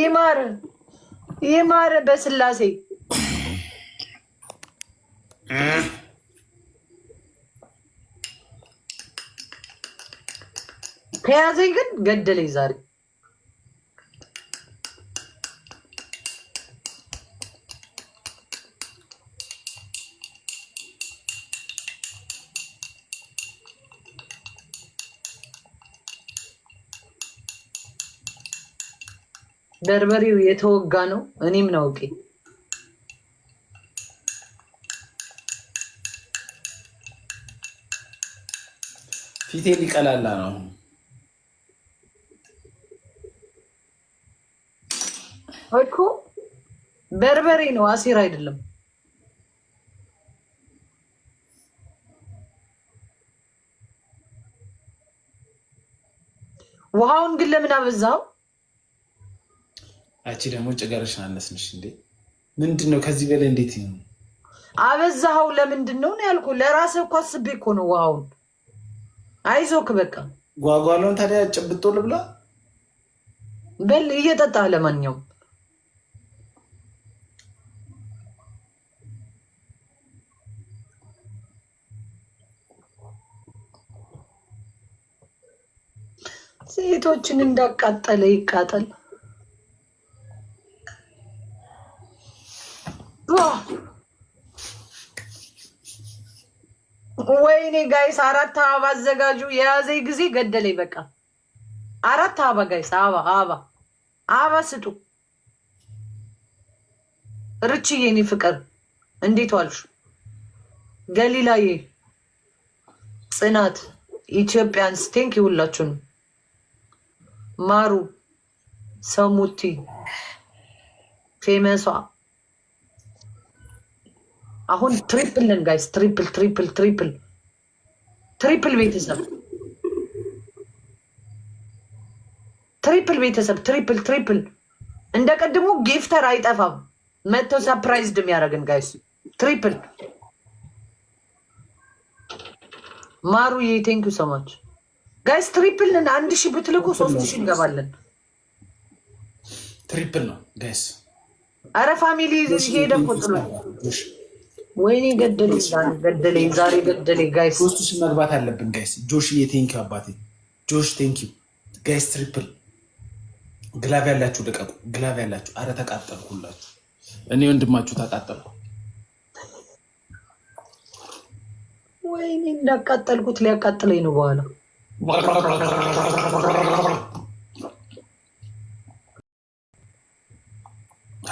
ይማር ይማር በስላሴ ከያዘኝ ግን ገደለኝ ዛሬ። በርበሬው የተወጋ ነው። እኔም ናውቄ ፊቴ ሊቀላላ ነው። እኮ በርበሬ ነው፣ አሲር አይደለም። ውሃውን ግን ለምን አበዛው? አቺ ደግሞ ጭገርሽን አነስንሽ እንዴ! ምንድን ነው ከዚህ በላይ እንዴት ነው አበዛኸው? ለምንድን ነው ያልኩ? ለራሴ እኮ አስቤ እኮ ነው። ውሃውን አይዞክ በቃ ጓጓለውን። ታዲያ ጭብጦ ልብላ በል እየጠጣ ለማንኛውም ሴቶችን እንዳቃጠለ ይቃጠል። ወይኔ ጋይስ አራት አበባ አዘጋጁ። የያዘኝ ጊዜ ገደለኝ። በቃ አራት አበባ ጋይስ፣ አበባ አበባ አበባ ስጡ። ርቺ የኔ ፍቅር እንዴት ዋልሽ? ገሊላዬ፣ ጽናት፣ ኢትዮጵያንስ ቴንክ ይሁላችሁን። ማሩ ሰሙቲ ፌመሷ አሁን ትሪፕል ነን ጋይስ፣ ትሪፕል ትሪፕል ትሪፕል ትሪፕል ቤተሰብ ትሪፕል ቤተሰብ ትሪፕል ትሪፕል እንደ ቀድሞ ጊፍተር አይጠፋም። መጥቶ ሰርፕራይዝ ድም ያደረግን ጋይስ ትሪፕል ማሩዬ ቴንኪው ሰማች ጋይስ ትሪፕል ነን። አንድ ሺህ ብትልቁ ሶስት ሺህ እንገባለን። ትሪፕል ነው ጋይስ። አረ ፋሚሊ ሄደ ቁጥሉ ወይኔ ገደለኝ፣ ዛሬ ገደለኝ። ጋይስ ሶስቱ ሲ መግባት አለብን ጋይስ። ጆሽ ቴንኪ አባቴ ጆሽ ቴንኪ ጋይስ። ትሪፕል ግላቭ ያላችሁ ልቀቁ፣ ግላቭ ያላችሁ። አረ ተቃጠልኩላችሁ እኔ ወንድማችሁ ተቃጠልኩ። ወይኔ እንዳቃጠልኩት ሊያቃጥለኝ ነው በኋላ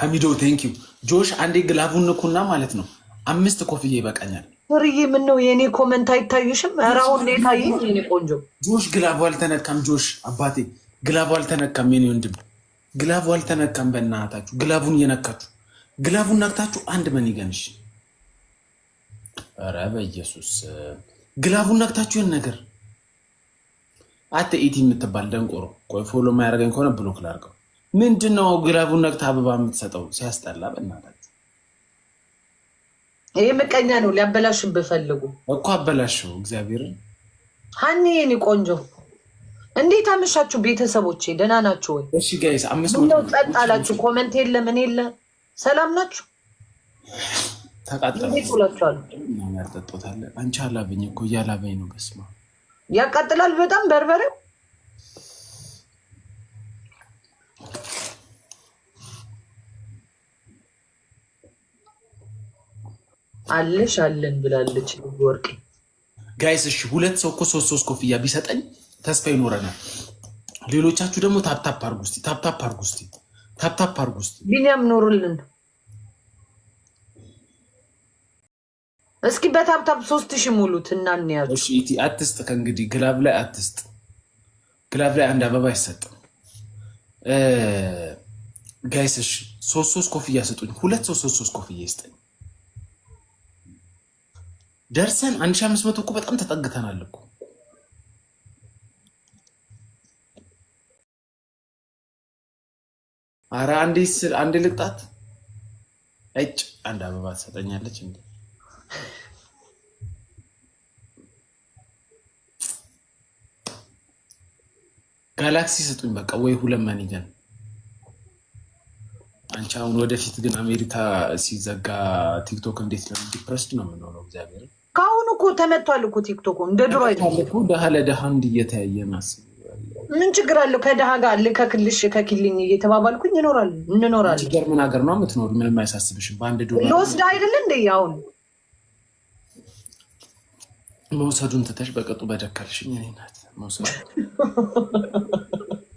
ሀሚዶ ቴንኪ ጆሽ። አንዴ ግላቡን ንኩና ማለት ነው አምስት ኮፍዬ ይበቃኛል። ፍርዬ ምን ነው የእኔ ኮመንት አይታዩሽም? ራውን ነው የታየኝ የኔ ቆንጆ። ጆሽ ግላቡ አልተነካም። ጆሽ አባቴ ግላቡ አልተነካም። የኔ ወንድም ግላቡ አልተነካም። በእናታችሁ ግላቡን እየነካችሁ ግላቡን ነክታችሁ አንድ መን ይገንሽ። ኧረ በኢየሱስ ግላቡን ነክታችሁ ይህን ነገር አተ ኢቲ የምትባል ደንቆሮ፣ ቆይ ፎሎ ማያደርገኝ ከሆነ ብሎክ ላርገው። ምንድን ነው ግላቡን ነክታ አበባ የምትሰጠው? ሲያስጠላ በእናታችሁ ይህ ምቀኛ ነው። ሊያበላሹ ብፈልጉ እኮ አበላሽው። እግዚአብሔርን ሀኒ የኔ ቆንጆ እንዴት አመሻችሁ ቤተሰቦቼ? ደህና ናችሁ ወይ? ምነው ጸጥ አላችሁ? ኮመንት የለ ምን የለ ሰላም ናችሁ? ተቃጥላችኋል። አንቺ አላበኝ እኮ እያላበኝ ነው። በስመ ያቃጥላል በጣም በርበሬው አለሽ አለን ብላለች ወርቅ ጋይስ። እሺ ሁለት ሰው እኮ ሶስት ሶስት ኮፍያ ቢሰጠኝ ተስፋ ይኖረናል። ሌሎቻችሁ ደግሞ ታፕታፕ አርጉ እስኪ፣ ታፕታፕ አርጉ እስኪ፣ ታፕታፕ አርጉ እስኪ። ቢኒያም ኖርልን እስኪ በታፕታፕ ሶስት ሺ ሙሉት እና እንያዙ። አትስጥ ከእንግዲህ ግላብ ላይ አትስጥ። ግላብ ላይ አንድ አበባ አይሰጥም ጋይስ። እሺ ሶስት ሶስት ኮፍያ ስጡኝ። ሁለት ሰው ሶስት ሶስት ኮፍያ ይስጠኝ። ደርሰን አንድ ሺህ አምስት መቶ እኮ በጣም ተጠግተናል እኮ አረ አንዴ ስል አንድ ልቅጣት እጭ አንድ አበባ ትሰጠኛለች እንዴ? ጋላክሲ ስጡኝ በቃ ወይ ሁለት ማኔጀር አንቺ አሁን ወደፊት ግን አሜሪካ ሲዘጋ ቲክቶክ እንዴት ነው? ዲፕረስድ ነው የምንሆነው። እግዚአብሔር ከአሁኑ እኮ ተመቷል እኮ ቲክቶክ እንደ ድሮ ደሃ ለደሃ እንዲ እየተያየ ማስብ ምን ችግር አለው? ከደሃ ጋር ከክልሽ ከኪልኝ እየተባባልኩኝ ይኖራል እንኖራለን። ጀርመን ሀገር ነው የምትኖሩ፣ ምንም አያሳስብሽም። በአንድ ዶ ለወስድ አይደለ እንደ አሁን መውሰዱን ትተሽ በቅጡ በደከልሽኝ እኔ ናት መውሰዱ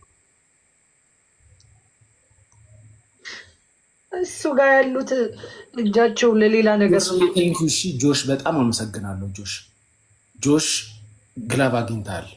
እሱ ጋር ያሉት እጃቸው ለሌላ ነገር ጆሽ፣ በጣም አመሰግናለሁ ጆሽ ጆሽ ግላብ አግኝታል።